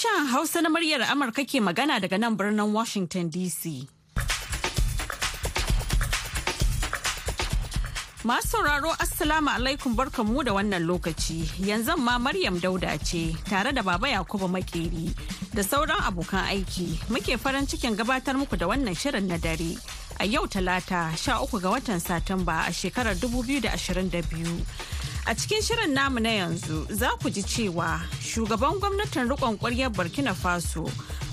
Sashen Hausa na muryar Amurka ke magana daga nan birnin Washington DC. Masu sauraro Assalamu alaikum mu da wannan lokaci. Yanzu ma Maryam Dauda ce tare da Baba Yakubu Makeri da sauran abokan aiki. Muke farin cikin gabatar muku da wannan shirin na dare. A yau Talata 13 ga watan Satumba a shekarar 2022. A cikin shirin namu na yanzu za ku ji cewa shugaban gwamnatin riƙon ƙwaryar Burkina Faso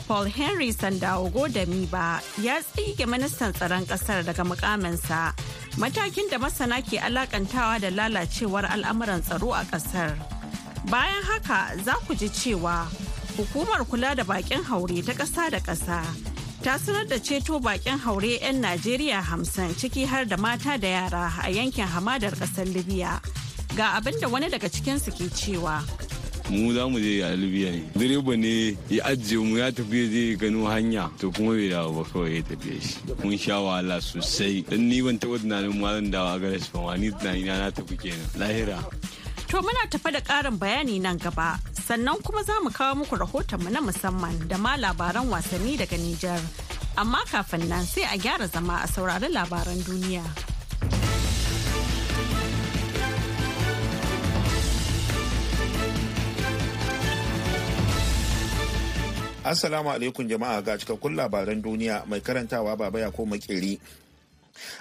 Paul Henry Sandawogo da Miba ya tsige ministan tsaron kasar daga mukaminsa matakin da masana ke alakantawa da lalacewar al'amuran tsaro a kasar. Bayan haka za ku ji cewa hukumar kula da bakin haure ta ƙasa da ƙasa ta sanar da ceto bakin haure 'yan Najeriya hamsin ciki har da mata da yara a yankin hamadar ƙasar Libya. Ga abin da wani daga cikinsu ke cewa. mu za mu je a libya ne direba ne ya ajiye mu ya tafi zai gano hanya to kuma bai dawo ba kawai ya tafiye shi mun sha wahala sosai dan ni ban taɓa tunanin mu zan dawo a shi ba ni tunani na tafi kenan lahira to muna tafa da ƙarin bayani nan gaba sannan kuma za mu kawo muku rahotonmu na musamman da ma labaran wasanni daga Nijar amma kafin nan sai a gyara zama a saurari labaran duniya. Assalamu alaikum jama'a ga cikakkun labaran duniya mai karantawa baba ya ko makeri.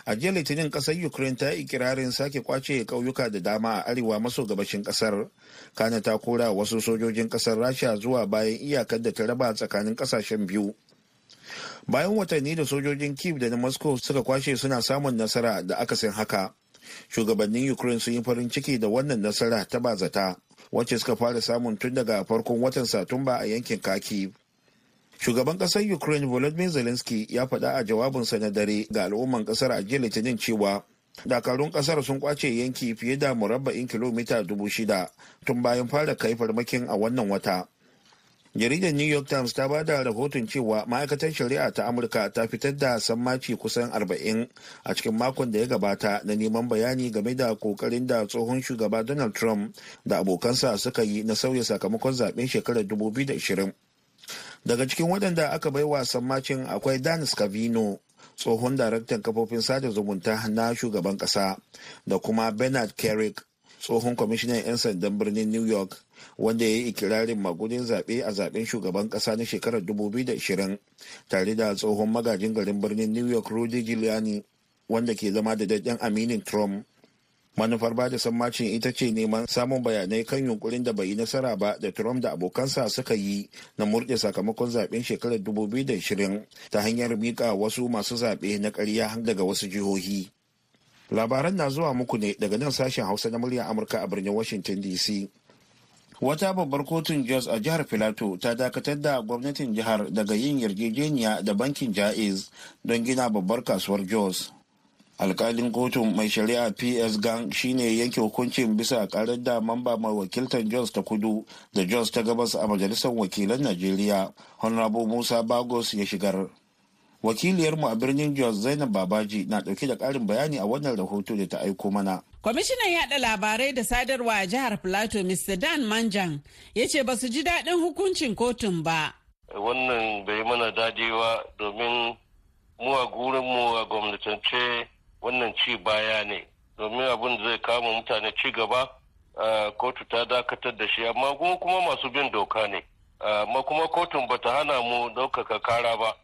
A jiya Litinin kasar Ukraine ta yi ikirarin sake kwace ƙauyuka da dama a arewa maso gabashin kasar. Kana ta kora wasu sojojin kasar Rasha zuwa bayan iyakar da ta raba tsakanin kasashen biyu. Bayan watanni da sojojin Kiev da na Moscow suka kwashe suna samun nasara da akasin haka. Shugabannin Ukraine sun yi farin ciki da wannan nasara ta bazata, wacce suka fara samun tun daga farkon watan Satumba a yankin Kharkiv. Shugaban ƙasar Ukraine Volodymyr Zelensky ya faɗa a jawabinsa na dare ga al'umman ƙasar a jiya Litinin cewa dakarun ƙasar sun kwace yanki fiye da murabba'in kilomita dubu shida tun bayan fara kai farmakin a wannan wata. jaridar new york times ta ba da rahoton cewa ma'aikatar shari'a ta amurka ta fitar da sammaci kusan 40 a cikin makon da ya gabata na neman bayani game da kokarin da tsohon shugaba donald trump da abokansa suka yi na sauya sakamakon zaben shekarar 2020 daga cikin waɗanda aka bai wasan macin akwai danis kavino tsohon daraktan kafofin sada zumunta na shugaban ƙasa da kuma bernard carrick tsohon kwamishinan 'yan sandan birnin new york wanda ya yi ikirarin magudin zaɓe a zaɓen shugaban ƙasa na shekarar 2020 tare da tsohon magajin garin birnin new york rudy giuliani wanda ke zama da daɗin aminin trump manufar bada sammacin ita ce neman samun bayanai kan yunkurin da bai yi nasara ba da trump da abokansa suka yi na murɗe sakamakon zaben shekarar 2020 ta hanyar mika wasu masu zaɓe na ƙarya daga wasu jihohi labaran na zuwa muku ne daga nan sashen hausa na murya amurka a birnin washington dc wata babbar kotun jos a jihar filato ta dakatar da gwamnatin jihar daga yin yarjejeniya da bankin ja'iz don gina babbar kasuwar jos alkalin kotun mai shari'a ps gang shine yanke hukuncin bisa karar da mamba mai wakiltar jos ta kudu da jos ta gabas a majalisar wakilan najeriya honorable musa bagos ya shigar wakiliyarmu a birnin jos zainab babaji na dauke da karin bayani a wannan rahoto da ta aiko mana kwamishinan yada labarai da sadarwa a jihar plateau mr dan manjan ya ce ba su ji daɗin hukuncin kotun ba wannan bai mana dadewa domin mu a gurinmu a gwamnatance wannan ci baya ne domin abin da zai kama mutane ci gaba kotu ta dakatar da shi amma kuma masu bin doka ne amma kuma kotun bata hana mu ɗaukaka kara ba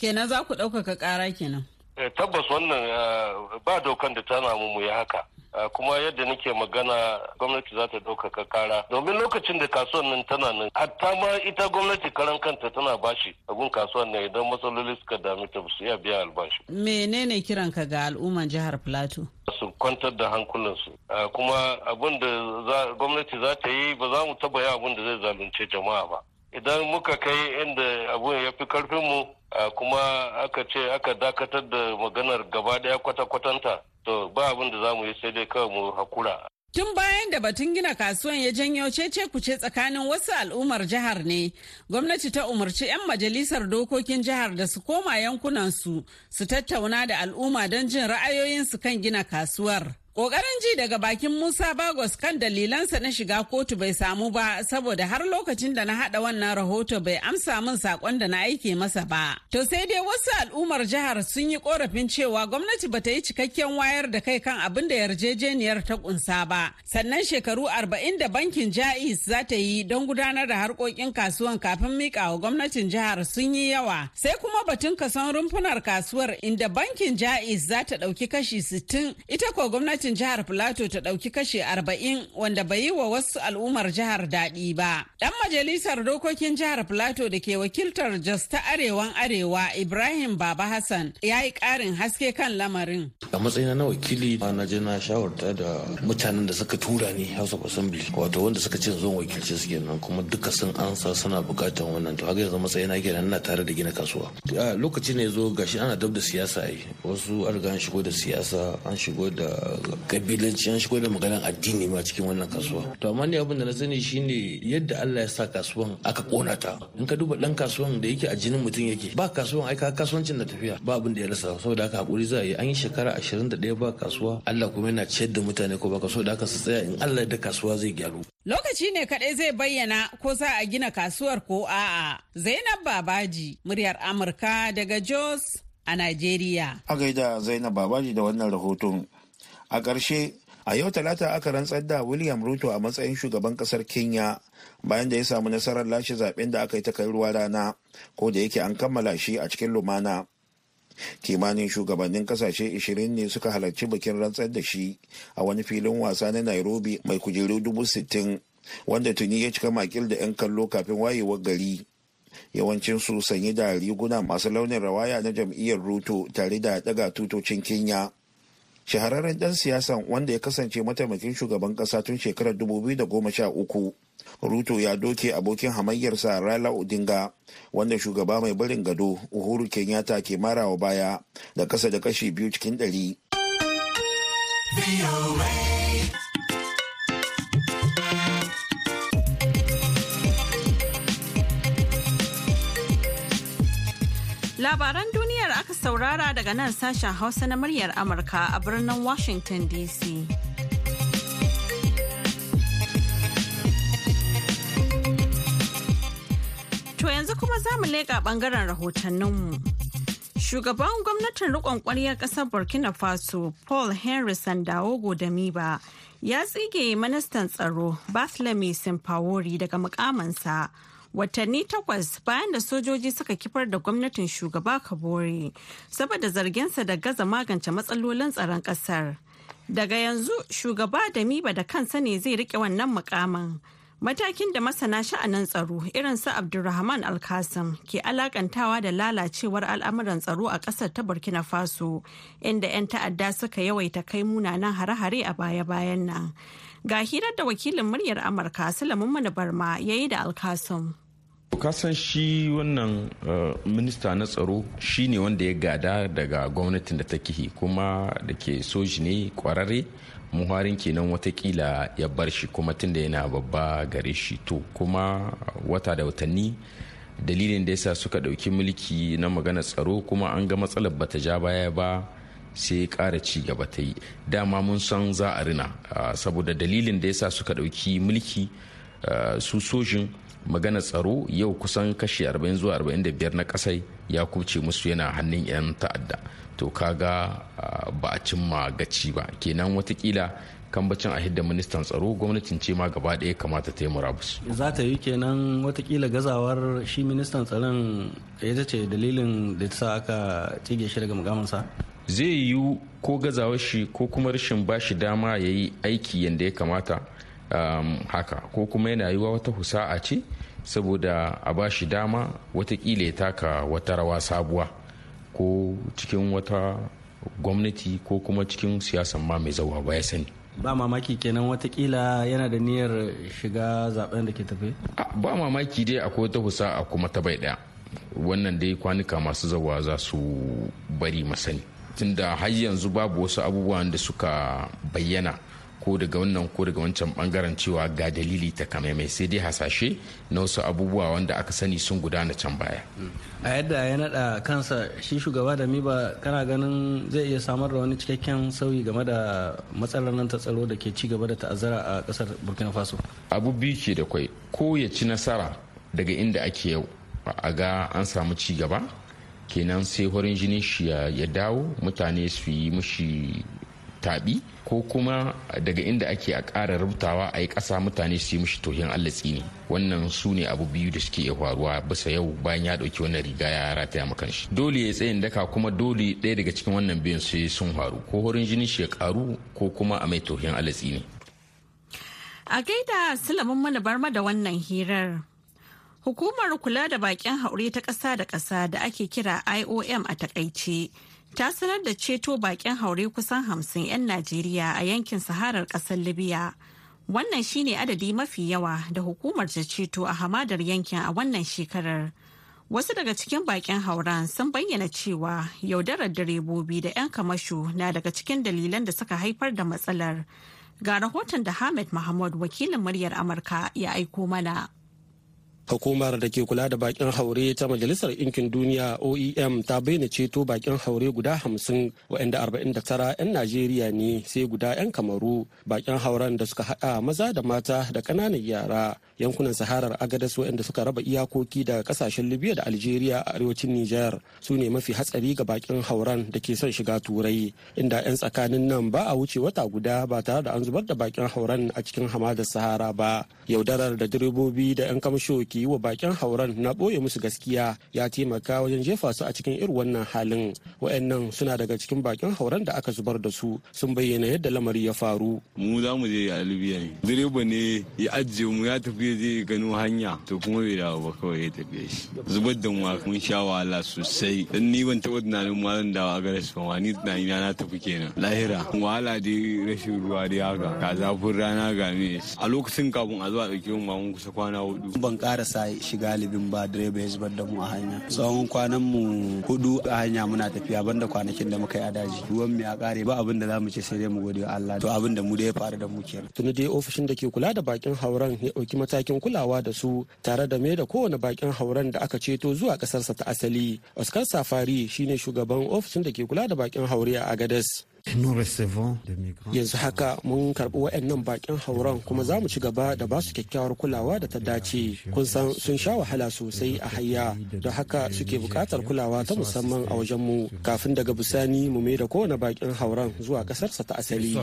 kenan za ku ɗaukaka kara kenan eh, tabbas wannan ba dokan da ta namu mu yi haka Ah, kuma yadda nake magana gwamnati za ta ɗaukaka kara domin lokacin da kasuwan nan tana nan hatta ma ita gwamnati karan kanta tana bashi abun kasuwan nan idan matsaloli suka dami ta su iya biya albashi. menene kiranka ga al'umman jihar plateau su kwantar da hankulansu ah, kuma abin da gwamnati za ta yi ba za mu taba yi abin da zai zalunce jama'a ba idan muka kai inda abun ya fi karfinmu ah, kuma aka ce aka dakatar da maganar gaba daya kwata-kwatanta to ba abin da za mu yi sai dai kawai mu hakura Tun bayan da batun gina kasuwan ya janyo cece kuce tsakanin wasu al'ummar jihar ne, gwamnati ta umarci 'yan majalisar dokokin jihar da su koma yankunansu su tattauna da al'umma don jin ra'ayoyinsu kan gina kasuwar. Ƙoƙarin ji daga bakin Musa Bagos kan dalilansa na shiga kotu bai samu ba saboda har lokacin da na haɗa wannan rahoto bai amsa min saƙon da na aike masa ba. To sai dai wasu al'ummar jihar sun yi ƙorafin cewa gwamnati ba ta yi cikakken wayar da kai kan abin da yarjejeniyar ta ƙunsa ba. Sannan shekaru arba'in da bankin Ja'is za ta yi don gudanar da harkokin kasuwan kafin miƙa wa gwamnatin jihar sun yi yawa. Sai kuma batun kason rumfunar kasuwar inda bankin Ja'is za ta ɗauki kashi sittin ita ko gwamnati gwamnatin jihar Filato ta ɗauki kashe arba'in wanda bai yi wa wasu al'ummar jihar daɗi ba. Ɗan majalisar dokokin jihar Filato da ke wakiltar Jos ta Arewan Arewa Ibrahim Baba Hassan ya yi ƙarin haske kan lamarin. A matsayina na wakili na je na shawarta da mutanen da suka tura ni House of Assembly wato wanda suka ce zon wakilce su kenan kuma duka sun ansa suna buƙatar wannan to haka yanzu matsayina kenan ina tare da gina kasuwa. lokacin ne zo gashi ana dab da siyasa yi wasu an an shigo da siyasa an shigo da kabilanci an shigo da maganar addini ma cikin wannan kasuwa to amma ne abin da na sani shine yadda Allah ya sa kasuwan aka kona ta in ka duba dan kasuwan da yake a jinin mutum yake ba kasuwan ai kasuwancin na tafiya ba abin da ya rasa saboda haka hakuri za a yi an yi shekara 21 ba kasuwa Allah kuma yana ciyar da mutane ko ba kasuwa da aka su tsaya in Allah da kasuwa zai gyaru lokaci ne kadai zai bayyana ko za a gina kasuwar ko a'a Zainab Babaji muryar Amurka daga Jos a Najeriya a gaida Zainab Babaji da wannan rahoton a ƙarshe a yau talata aka rantsar da william ruto a matsayin shugaban ƙasar kenya bayan da ya samu nasarar lashe zaben da aka yi ta ruwa rana ko da yake an kammala shi a cikin lumana kimanin shugabannin kasashe 20 ne suka halarci bikin rantsar da shi a wani filin wasa na nairobi mai kujeru 60 wanda tuni ya cika makil da 'yan kallo kafin wayewar gari yawancin su sanyi da riguna masu launin rawaya na jam'iyyar ruto tare da daga tutocin kenya shahararren dan siyasan wanda ya kasance mataimakin shugaban kasa tun shekarar 2013 ruto ya doke abokin hamayyarsa rala odinga wanda shugaba mai barin gado uhuru kenyatta ke marawa baya da kasa da kashi biyu cikin ɗari. Labaran duniyar aka saurara daga nan sashen Hausa na muryar Amurka a birnin Washington DC. To yanzu kuma za mu leƙa ɓangaren rahotanninmu. Shugaban gwamnatin riƙon ƙwaryar ƙasar Burkina Faso, Paul Henry Sandaogo Damiba, ya tsige ministan tsaro Bathlemy Simpawori daga mukamansa. watanni takwas bayan da sojoji suka kifar da gwamnatin shugaba kabore saboda zarginsa da gaza magance matsalolin tsaron kasar daga yanzu shugaba da miba da kansa ne zai rike wannan mukamin matakin da masana sha'anin tsaro irin su abdulrahman alkasim ke alakantawa da lalacewar al'amuran tsaro a ƙasar ta burkina faso inda 'yan ta'adda suka yawaita kai munanan hare-hare a baya-bayan nan Ga hirar da wakilin muryar Amurka Sulaiman Mana Barma ya yi da Alkasum. kasan shi wannan eh, minista na tsaro shi ne wanda ya gada daga gwamnatin da ta kihi kuma da ke soji ne kwararre muharin kenan watakila ya bar shi kuma tunda yana babba gare shi to kuma wata da watanni dalilin da yasa suka dauki mulki na magana tsaro kuma an ga matsalar bata ja baya ba sai kara ci gaba ta yi dama mun san za a rina saboda dalilin da ya sa suka ɗauki mulki su sojin magana tsaro yau kusan kashi 40 zuwa 45 na kasai ya kuce musu yana hannun 'yan ta'adda to kaga ba a cimma gaci ba kenan watakila kambacin a hidda ministan tsaro gwamnatin ce ma gaba ɗaya kamata ta yi murabus za ta yi kenan watakila gazawar shi ministan tsaron ya ce dalilin da ta sa aka cige shi daga mugamansa zai yiwu ko gazawa shi ko kuma rashin bashi dama ya yi aiki yadda ya kamata um, haka ko kuma yana yiwa wata husa'a ce saboda a ba shi dama watakila ya taka wata rawa sabuwa ko cikin wata gwamnati ko kuma cikin siyasan ma mai zauwa ba ya sani ba mamaki kenan watakila yana da niyyar shiga zaben da ke tafe ba mamaki dai akwai wata husa'a kuma ta bai daya wannan dai kwanuka masu zawa za su bari masani tunda har yanzu babu wasu abubuwan da suka bayyana ko daga wannan ko daga wancan bangaren cewa ga dalili ta mai sai dai hasashe na wasu abubuwa wanda aka sani sun gudana can baya a yadda ya nada kansa shi shugaba da miba kana ganin zai iya samar da wani cikakken sauyi game da matsalar nan ta tsaro da ke ci gaba da ta'azzara a kasar burkina faso abu biyu ke da kwai ko ya ci nasara daga inda ake yau a ga an samu ci gaba kenan sai horin jinin shi ya dawo mutane su yi mushi taɓi ko kuma daga inda ake a ƙara rubutawa a yi ƙasa mutane su yi mushi tohin allah tsini wannan su ne abu biyu da suke iya faruwa bisa yau bayan ya ɗauki wannan riga ya rataya ma kanshi dole ya tsayin daka kuma dole ɗaya daga cikin wannan biyun sai sun faru ko horin jinin shi ya ƙaru ko kuma a mai tohin allah tsini a gaida sulamin mana barma da wannan hirar Hukumar kula da bakin haure ta ƙasa da ƙasa da ake kira IOM a takaice ta sanar da ceto bakin haure kusan hamsin 'yan Najeriya a yankin Saharar ƙasar Libya. Wannan shine adadi mafi yawa da hukumar ta ceto a hamadar yankin a wannan shekarar. Wasu daga cikin bakin hauran sun bayyana cewa yaudarar direbobi da 'yan kamasho na daga cikin dalilan da suka haifar da matsalar. Ga rahoton da Hamid Mahmud wakilin muryar Amurka ya aiko mana. Hukumar da ke kula da bakin haure ta Majalisar Ɗinkin Duniya OEM ta bayyana ceto bakin haure guda hamsin waɗanda arba'in da tara 'yan Najeriya ne sai guda 'yan Kamaru bakin hauren da suka haɗa maza da mata da ƙananan yara yankunan Saharar Agadas waɗanda suka raba iyakoki da ƙasashen Libya da Algeria a arewacin niger su ne mafi hatsari ga bakin hauren da ke son shiga Turai inda 'yan tsakanin nan ba a wuce wata guda ba tare da an zubar da bakin hauren a cikin hamadar Sahara ba yaudarar da direbobi da 'yan kamshoki yi wa bakin hauran na boye musu gaskiya ya taimaka wajen jefa su a cikin irin wannan halin wa'annan suna daga cikin bakin hauran da aka zubar da su sun bayyana yadda lamari ya faru mu za mu je albiya ne direba ne ya ajiye mu ya tafi je gano hanya to kuma bai dawo ba kawai ya tafi shi zubar da mu mun sha wahala sosai dan ni ban taɓa tunanin mu zan dawo a garas ba ni tunanina na tafi kenan lahira wahala dai rashin ruwa dai haka ka zafin rana ne a lokacin kafin a zuwa a mu ma mun kusa kwana hudu ban ƙara sa shi galibin ba direba ya zubar da mu a hanya tsawon kwanan mu hudu a hanya muna tafiya banda kwanakin da muka yi a daji ruwan mu ya kare ba abin da za mu ce sai dai mu gode Allah to abin da mu da ya faru da mu kenan tuni dai ofishin da ke kula da bakin hauren ya dauki matakin kulawa da su tare da mai da kowane bakin hauren da aka ceto zuwa kasarsa ta asali Oscar Safari shine shugaban ofishin da ke kula da bakin haure a Agadez Yanzu haka mun karɓi waɗannan baƙin hauran kuma za mu ci gaba da ba su kyakkyawar kulawa da ta dace. Kun san sun sha wahala sosai a hayya da haka suke buƙatar kulawa ta musamman a wajen mu kafin daga bisani mu mai da kowane baƙin hauran zuwa ƙasarsa ta asali.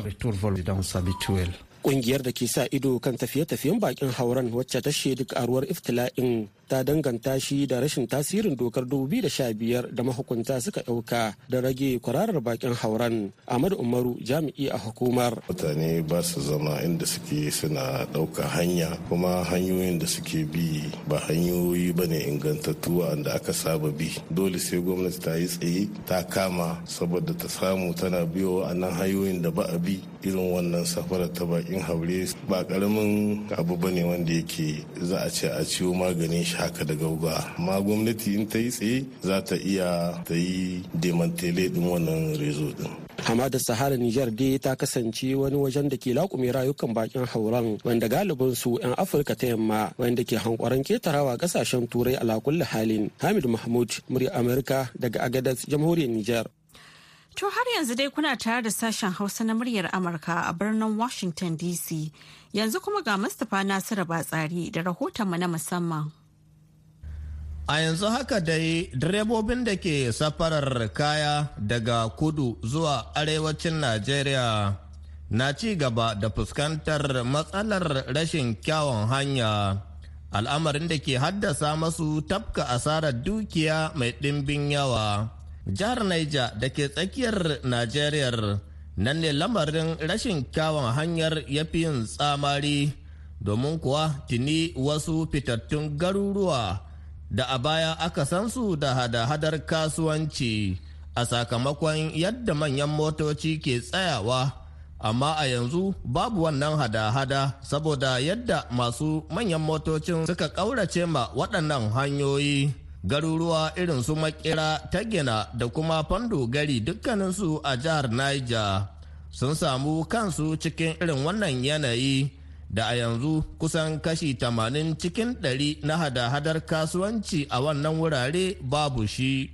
Ƙungiyar da ke sa ido kan tafiye-tafiyen bakin hauran wacce ta shaidu karuwar iftila'in ta danganta shi da rashin tasirin dokar 2015 da mahukunta suka ɗauka da rage kwararar bakin hauran Ahmad Umaru jami'i a hukumar. Mutane ba su zama inda suke suna ɗauka hanya kuma hanyoyin da suke bi ba hanyoyi ba ne ingantattu da aka saba bi. Dole sai gwamnati ta yi tsaye ta kama saboda ta samu tana biyo a nan hanyoyin da ba a bi irin wannan safarar ta baki. bakin haure ba karamin abu ba ne wanda yake za a ce a ciwo maganin shi haka da gauga amma gwamnati in ta yi tsaye za ta iya ta yi demantele din wannan rezo din hamadar sahara niger dai ta kasance wani wajen da ke lakume rayukan bakin hauran wanda galibin su 'yan afirka ta yamma wanda ke hankwaron ketarawa kasashen turai a lakulli halin hamid mahmud murya amurka daga agadas jamhuriyar niger To har yanzu dai kuna tare da sashen Hausa na muryar Amurka a birnin Washington DC. Yanzu kuma ga Mustapha Nasiru Batsari da rahoton rahotonmu na musamman. A yanzu haka dai direbobin da ke safarar kaya daga kudu zuwa arewacin Najeriya na ci gaba da fuskantar matsalar rashin kyawun hanya. Al'amarin da ke haddasa masu tafka asarar dukiya mai ɗimbin yawa. jihar Niger da ke tsakiyar Najeriya nan ne lamarin rashin kyawun hanyar ya fi yin tsamari domin kuwa tuni wasu fitattun garuruwa da a baya aka san su da hada-hadar kasuwanci a sakamakon yadda manyan motoci ke tsayawa amma a yanzu babu wannan hada-hada saboda yadda masu manyan motocin suka ƙaurace ma waɗannan hanyoyi. garuruwa irin su makera tagina da kuma fando gari dukkaninsu a jihar niger sun samu kansu cikin irin wannan yanayi da a yanzu kusan kashi tamanin cikin 100 na hada-hadar kasuwanci a wannan wurare babu shi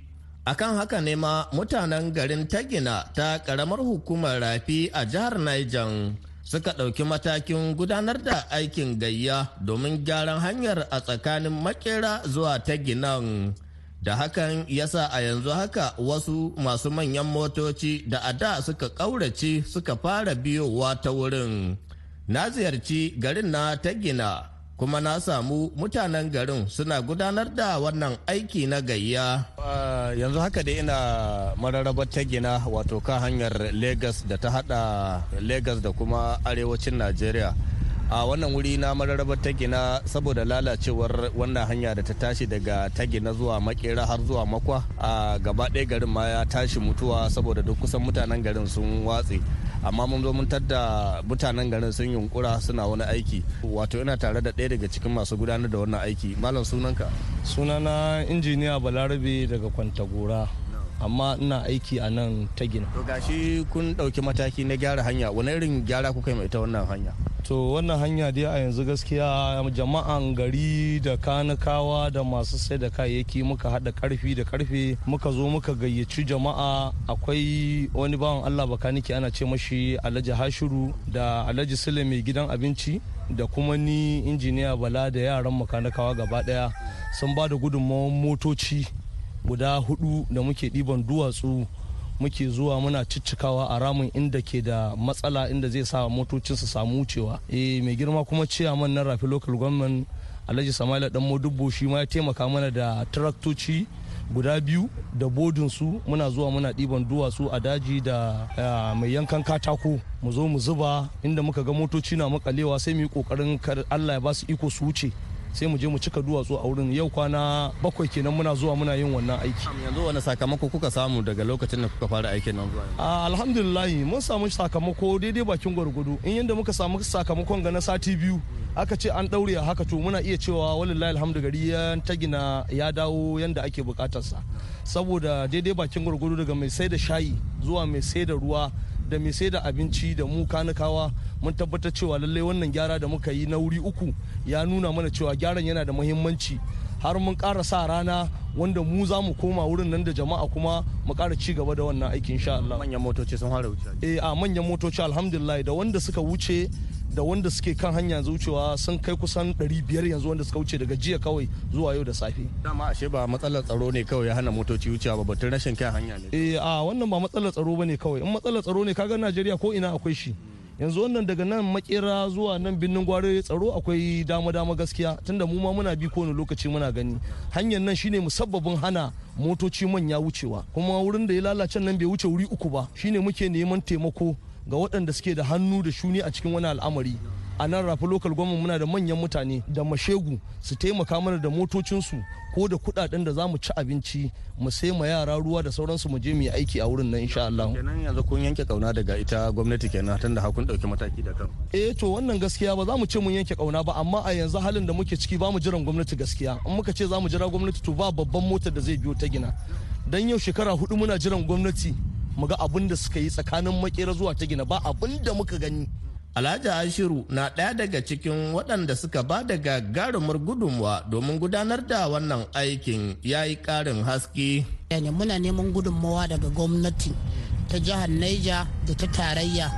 akan haka ne ma mutanen garin tagina ta karamar hukumar rafi a jihar niger suka ɗauki matakin gudanar da aikin gayya domin gyaran hanyar a tsakanin makera zuwa ta ginan da hakan yasa a yanzu haka wasu masu manyan motoci da a da suka ƙaurace suka fara biyowa ta wurin na ziyarci garin na ta gina kuma na samu mutanen garin suna gudanar da wannan aiki na gayya. yanzu haka dai ina mararrabar ta gina wato kan hanyar lagos da ta hada lagos da kuma arewacin najeriya a wannan wuri na mararrabar ta gina saboda lalacewar wannan hanya da ta tashi daga ta gina zuwa makera har zuwa makwa a gaba ɗaya garin ma ya tashi mutuwa saboda duk kusan mutanen garin sun watse amma mun zo mun tadda mutanen garin sun yunkura suna wani aiki wato ina tare da ɗaya daga cikin masu gudanar da wannan aiki malam sunanka sunana injiniya balarabe daga kwantagora amma ina aiki a nan ta gina to gashi kun ɗauki mataki na gyara hanya wani irin gyara kuka yi mai ita wannan hanya to wannan hanya dai a yanzu gaskiya jama'an gari da kanikawa da masu sai da kayayyaki muka haɗa karfi da karfe muka zo muka gayyaci jama'a akwai wani bawan allah bakaniki ana ce mashi alhaji hashiru da alhaji sule mai gidan abinci da kuma ni injiniya bala da yaran makanikawa gaba daya sun ba da gudunmawar motoci guda hudu da muke ɗiban duwatsu muke zuwa muna ciccikawa a ramin inda ke da matsala inda zai sa motocin su samu wucewa eh mai girma kuma ciyaman na rafi local government alhaji samaila dan modubbo shi ma ya taimaka mana da traktoci guda biyu da bodin su muna zuwa muna ɗiban duwatsu a daji da mai yankan katako mu zo mu zuba inda muka ga motoci na makalewa sai mu yi kokarin allah ya ba su iko su wuce sai mu je mu cika duwatsu a wurin yau kwana bakwai kenan muna zuwa muna yin wannan aiki yanzu wani sakamako kuka samu daga lokacin da kuka fara aikin nan zuwa ah, alhamdulillah mun samu sakamako daidai bakin gwargwado in yanda muka samu sakamakon ga na sati biyu aka ce an daure haka to muna iya cewa walillahi alhamdu gari ya tagina ya dawo yadda ake bukatarsa saboda daidai bakin gwargwado daga mai sai da shayi zuwa mai sai da ruwa da mai sai da abinci da mu kanikawa mun tabbatar cewa lallai wannan gyara da muka yi na wuri uku ya nuna mana cewa gyaran yana da muhimmanci har mun kara sa rana wanda mu za mu koma wurin nan da jama'a kuma mu ƙara ci gaba da wannan aikin sha Allah manyan motoci sun fara wuce eh a manyan motoci alhamdulillah da wanda suka wuce da wanda suke kan hanya wucewa sun kai kusan 500 yanzu wanda suka wuce daga jiya kawai zuwa yau da safe dama ashe ba matsalar tsaro ne kawai ya hana motoci wucewa ba batun rashin kan hanya ne eh a wannan ba matsalar tsaro bane kawai in matsalar tsaro ne kaga Najeriya ko ina akwai shi yanzu wannan daga nan makera zuwa nan birnin gwari tsaro akwai dama-dama gaskiya tunda mu ma muna bi kowane lokaci muna gani hanyar nan shine musabbabin hana motoci manya wucewa kuma wurin da ya lalace nan bai wuce wuri uku ba shine muke neman taimako ga waɗanda suke da hannu da shuni a cikin wani al'amari a nan rafi lokal gwamna muna da manyan mutane da mashegu su taimaka mana da motocinsu ko da kuɗaɗen da za mu ci abinci mu sai ma yara ruwa da sauransu mu je mu yi aiki a wurin nan insha Allah kenan yanzu kun yanke kauna daga ita gwamnati kenan tunda har kun mataki da kan eh to wannan gaskiya ba za mu ce mun yanke kauna ba amma a yanzu halin da muke ciki ba mu jiran gwamnati gaskiya in muka ce za mu jira gwamnati to ba babban motar da zai biyo ta gina dan yau shekara hudu muna jiran gwamnati mu ga abin da suka yi tsakanin makera zuwa ta gina ba abin da muka gani Alhaji Ashiru na ɗaya daga cikin waɗanda suka ba da gagarumar gudunmuwa domin gudanar da wannan aikin ya yi ƙarin haske. Muna neman gudunmawa daga gwamnati ta jihar Naija da ta tarayya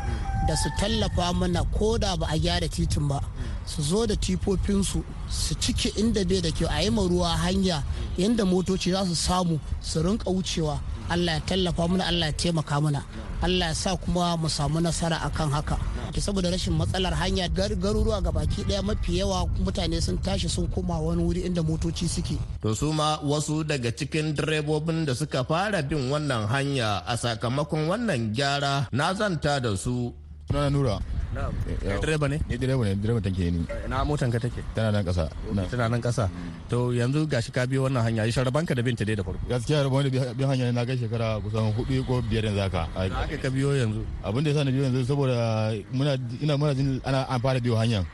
da su tallafa mana ko da ba a gyara titin ba su zo da tifofinsu su cike inda bai da kyau a yi ruwa hanya yadda motoci za su samu su rinka wucewa Allah ya tallafa mana Allah ya taimaka mana Allah ya sa kuma mu samu nasara akan haka saboda rashin matsalar hanya garuruwa ga baki daya mafi yawa mutane sun tashi sun koma wani wuri inda motoci suke to su ma wasu daga cikin direbobin da suka fara bin wannan hanya a sakamakon wannan gyara na zanta da su na nura na'am kai eh, direba ne ni direba ne direba take ni eh, na motan ka take tana nan kasa tana nan kasa mm. to yanzu gashi ka biyo wannan hanya shi rabanka da binta dai da farko gaskiya rabanka da biyo hanya na kai shekara kusan hudu ko biyar yanzu haka aka ka biyo yanzu abin da yasa na biyo yanzu saboda muna ina muna jin ana an fara biyo hanyar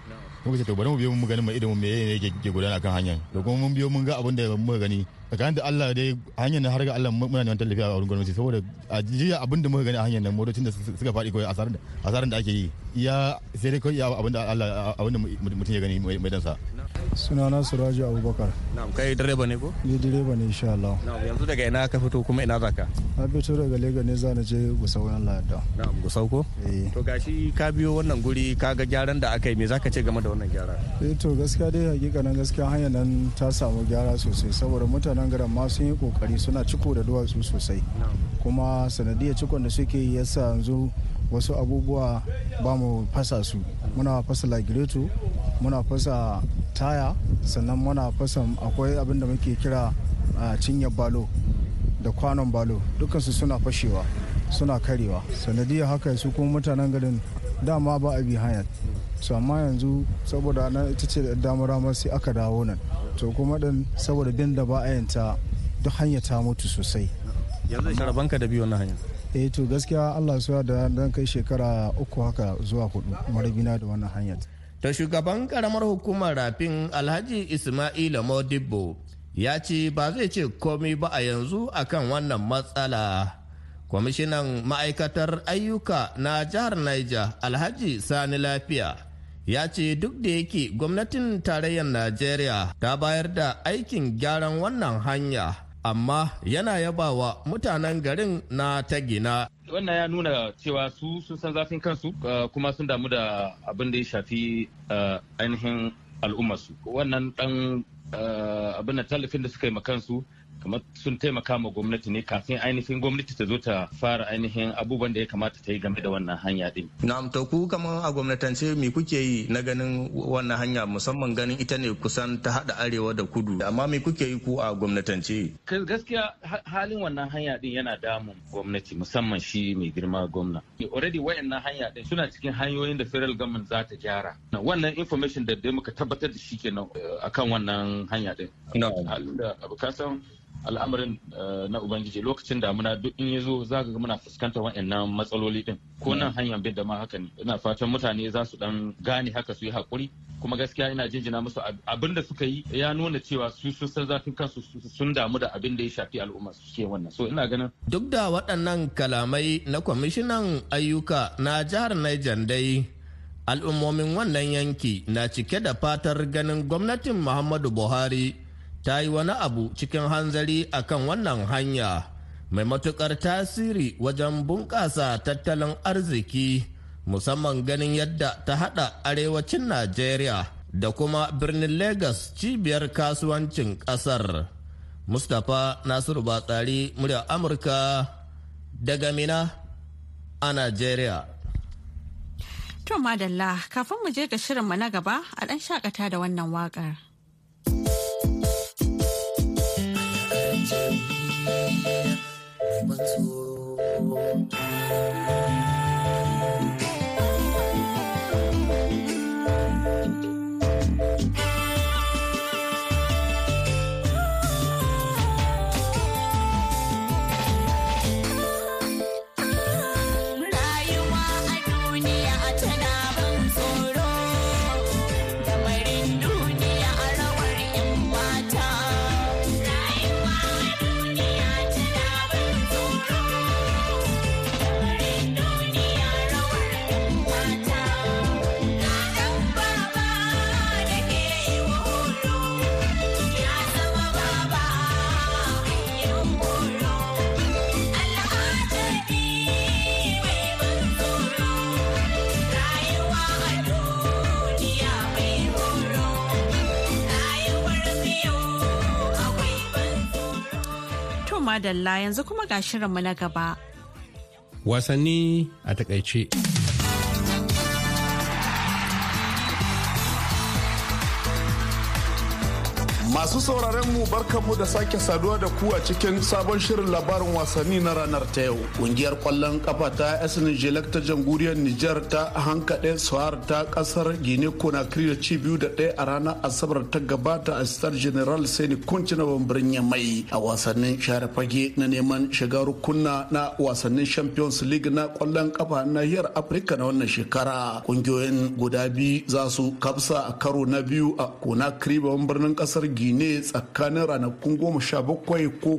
muka ce to bari mu biyo mu gani mai idan mu me ne ke gudana kan hanyar to kuma mun biyo mun ga abin da muka gani tsakanin da Allah dai hanyar nan har ga Allah muna neman tallafi a wurin gwamnati saboda a jiya abin da muka gani a hanyar nan motocin da suka faɗi koyi asarar da da ake yi iya sai dai kawai abin da Allah abin da mutum ya gani mai sa. sunana suraju abubakar na kai direba ne ko ni direba ne insha Allah na yanzu daga ina ka fito kuma ina zaka na fito daga lega ne zan je gusau nan ladda na gusau ko eh. to gashi ka biyo wannan guri ka ga gyaran da aka yi me zaka ce game da wannan gyara eh to gaskiya dai hakika nan gaskiya hanyar nan ta samu gyara sosai saboda mutanen garin ma sun yi kokari suna ciko da duwatsu sosai kuma sanadiyar cikon da suke yi yasa yanzu wasu abubuwa ba mu fasa su muna fasa lagireto muna fasa taya sannan muna fasa akwai abin da muke kira cinye balo da kwanon balo dukansu suna fashewa suna karewa sanadiyar haka su kuma mutanen garin dama ba a bi hanyar su amma yanzu saboda na ita ce da damar ramar sai aka dawo nan to kuma din saboda bin da ba a yanta duk hanya ta mutu sosai yanzu sharabanka da biyu wannan hanyar eh to gaskiya allah suwa da dan kai shekara uku haka zuwa hudu marabina da wannan hanyar ta shugaban karamar hukumar rafin alhaji ismaila modibo ya ce ba zai ce komai ba a yanzu akan wannan matsala kwamishinan ma'aikatar ayyuka na jihar niger alhaji sani lafiya ya ce duk da yake gwamnatin tarayyar najeriya ta bayar da aikin gyaran wannan hanya amma yana yabawa mutanen garin na ta gina. wannan ya nuna cewa su sun san zafin kansu eh, kuma sun damu da abin da ya shafi eh, ainihin al'ummarsu wannan dan eh, abin da tallafin da suka yi kansu kamar sun taimaka ma gwamnati ne kafin ainihin gwamnati ta zo ta fara ainihin abubuwan da ya kamata ta yi game da wannan hanya din. Na'am to ku kamar a gwamnatance me kuke yi na ganin wannan hanya musamman ganin ita ne kusan ta hada arewa da kudu amma me kuke yi ku a gwamnatance? Gaskiya halin wannan hanya din yana damun gwamnati musamman shi mai girma gwamna. Already wayannan hanya din suna cikin hanyoyin da federal government za ta gyara. Wannan information da muka tabbatar da shi kenan eh, akan wannan hanya din. Na'am. Ka al'amarin eh, na ubangiji lokacin damuna duk in ya zo za ga muna fuskantar wa'annan matsaloli din ko nan hanyar bid da ma haka ne ina fatan mutane za su dan gane haka su yi hakuri kuma gaskiya ina jinjina musu abinda suka yi ya nuna cewa su sun san zafin kansu sun damu da abin da ya shafi al'umma su ke wannan so ina ganin duk da waɗannan kalamai na kwamishinan ayyuka na jihar Niger dai al'ummomin wannan yanki na cike da fatar ganin gwamnatin Muhammadu Buhari ta yi wani abu cikin hanzari a kan wannan hanya mai matuƙar tasiri wajen bunƙasa tattalin arziki musamman ganin yadda ta haɗa arewacin najeriya da kuma birnin lagos cibiyar kasuwancin ƙasar mustapha nasiru batsari murya amurka daga mina a najeriya to madalla kafin mu je ga shirinmu na gaba a ɗan shakata da wannan waƙar. 원수 뭐, 뭐, 뭐. madalla yanzu kuma ga shirinmu na gaba. Wasanni a takaice. Masu sauraren mu barka mu da sake saduwa da ku a cikin sabon shirin labarin wasanni na ranar ta yau. Kungiyar kwallon kafa ta Esnin ta jamhuriyar Nijar ta hankaɗe Suwar ta kasar Gine Conakry da ci biyu da ɗaya a ranar Asabar ta gabata a Star General Sani Kunci na Bambirin Yamai a wasannin share fage na neman shiga rukunna na wasannin Champions League na kwallon kafa nahiyar Afirka na wannan shekara. Kungiyoyin guda biyu za su kafsa a karo na biyu a Conakry babban birnin kasar Gine ne tsakanin ranakun goma sha ko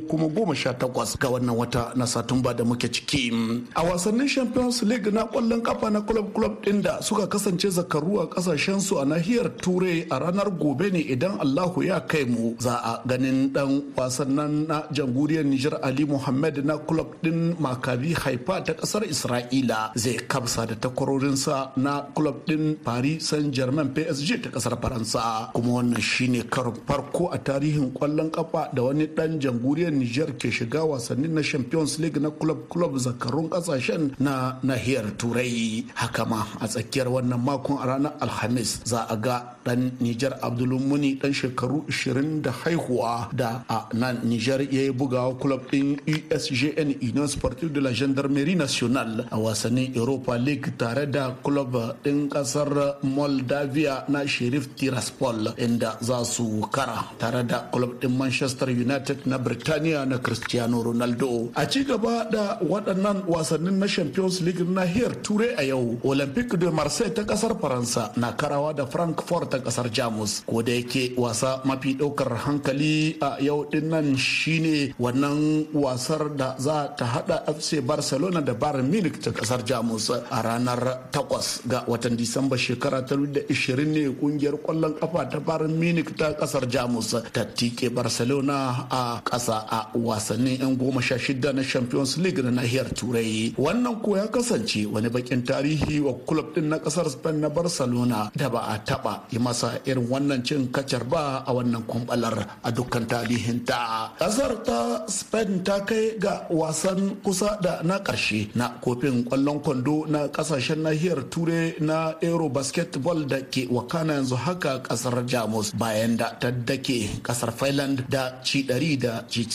kuma goma sha takwas ga wannan wata na satumba da muke ciki a wasannin champions league na kwallon kafa na club club din da suka kasance zakaru a kasashen su a nahiyar turai a ranar gobe ne idan allahu ya kai mu za a ganin dan wasan na jamhuriyar nijar ali muhammad na club din makabi haifa ta kasar isra'ila zai kamsa da takwarorinsa na club din paris saint germain psg ta kasar faransa kuma wannan shine karin farko a tarihin kwallon kafa da wani dan jamhuriyar Niger ke shiga wasannin na Champions League na club club zakarun kasashen na nahiyar Turai. Haka ma a tsakiyar wannan makon a ranar Alhamis za a ga dan Niger Abdulmuni dan shekaru 20 da haihuwa da a nan niger ya yi bugawa club din USGN e Union Sportive de la Gendarmerie Nationale a wasannin Europa League tare da club din kasar Moldavia na Sheriff Tiraspol inda za su kara tare da club din Manchester United na Birtaniya na Cristiano Ronaldo. A ci gaba da waɗannan wasannin na Champions League nahiyar Turai a yau, Olympique de Marseille ta ƙasar Faransa na karawa da Frankfurt ta ƙasar Jamus. Ko da yake wasa mafi ɗaukar hankali a yau din shine wannan wasar da za ta hada FC Barcelona da Bayern Munich ta ƙasar Jamus a ranar 8 ga watan Disamba shekara ta 2020 ne kungiyar ƙwallon kafa ta Bayern Munich ta ƙasar Jamus ta tike barcelona a kasa a wasannin 'yan goma sha shida na champions league na nahiyar turai wannan ko ya kasance wani bakin tarihi wa club din na ƙasar spain na barcelona da ba a taɓa yi masa irin wannan cin kacar ba a wannan kumbalar a dukkan tarihinta ƙasar ta spain ta kai ga wasan kusa da na ƙarshe na kofin kwallon kwando na ƙasashen nahiyar turai na euro basketball da ke wakana yanzu haka ƙasar jamus bayan da ta dake doke kasar Finland da ci da ci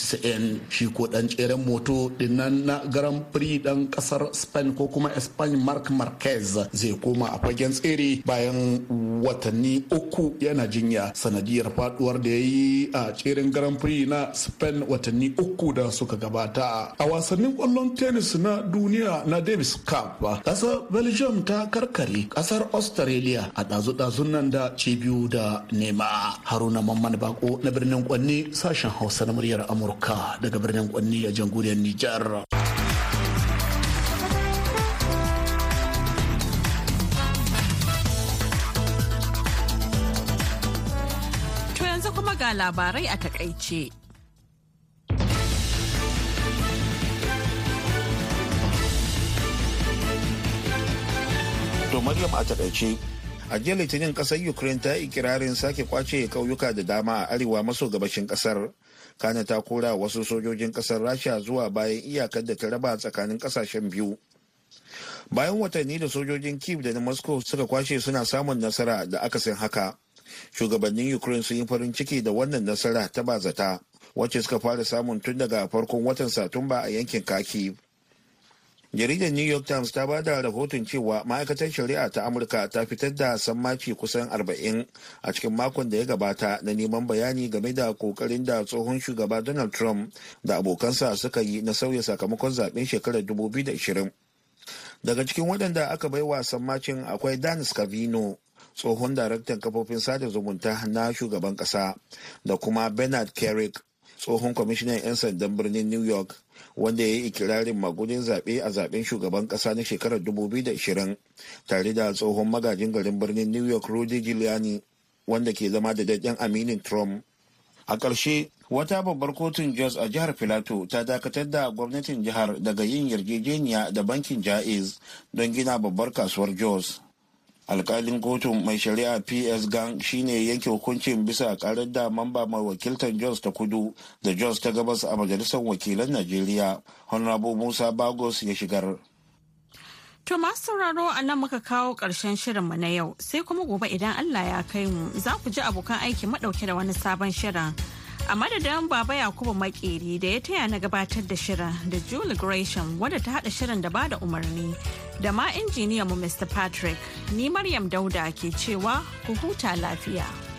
Shi ko dan tseren moto dinnan na Grand Prix dan kasar Spain ko kuma Spain Mark Marquez zai koma a fagen tsere bayan watanni uku yana jinya sanadiyar faduwar da ya yi a tseren Grand Prix na Spain watanni uku da suka gabata. A wasannin kwallon tennis na duniya na Davis Cup, kasar Belgium ta karkare kasar Australia a dazu-dazun nan da ci biyu da nema. Haruna Mamman ba sako na birnin kwanni sashen hausa na muryar amurka daga birnin kwanni a jamhuriyar nijar to yanzu kuma ga labarai a takaice to maryam a takaice a jiya litinin kasar ukraine ta yi ikirarin sake kwace kauyuka da dama a arewa maso gabashin kasar kana ta kora wasu sojojin kasar rasha zuwa bayan iyakar da ta raba tsakanin kasashen biyu bayan watanni da sojojin kiev da na moscow suka kwashe suna samun nasara da aka akasin haka shugabannin ukraine sun yi farin ciki da wannan nasara ta bazata wacce suka fara samun tun daga farkon watan satumba a yankin kharkiv jaridar new york times ta bada rahoton cewa ma'aikatar shari'a ta amurka ta fitar da sammaci kusan 40 a cikin makon da ya gabata na neman bayani game da kokarin da tsohon shugaba donald trump da abokansa suka yi na sauya sakamakon zaben shekarar 2020 daga cikin waɗanda aka bai wa sammacin akwai dan scavino tsohon daraktan kafofin sada zumunta na shugaban ƙasa da kuma bernard kerrick tsohon kwamishinan 'yan sandan birnin new york wanda ya yi ikirarin magudin zaɓe a zaɓen shugaban ƙasa na shekarar 2020 tare da tsohon magajin garin birnin new york rudy giuliani wanda ke zama da daɗin aminin trump a ƙarshe wata babbar kotun jos a jihar filato ta dakatar da gwamnatin jihar daga yin yarjejeniya da bankin ja'iz don gina babbar kasuwar jos alkalin kotun mai shari'a ps gang shine yanke hukuncin bisa karar da mamba mai wakiltan jones ta kudu da jones ta gabas a majalisar wakilan najeriya honorable musa bagos ya shigar To masu sauraro a nan muka kawo ƙarshen shirinmu na yau sai kuma gobe idan Allah ya kai mu za ku ji abokan aiki madauke da wani sabon shirin. a madadin baba yakubu makeri da ya taya na gabatar da shirin da julie gresham wadda ta hada shirin da ba da umarni da ma injiniyanmu mr patrick ni maryam dauda ke cewa ku huta lafiya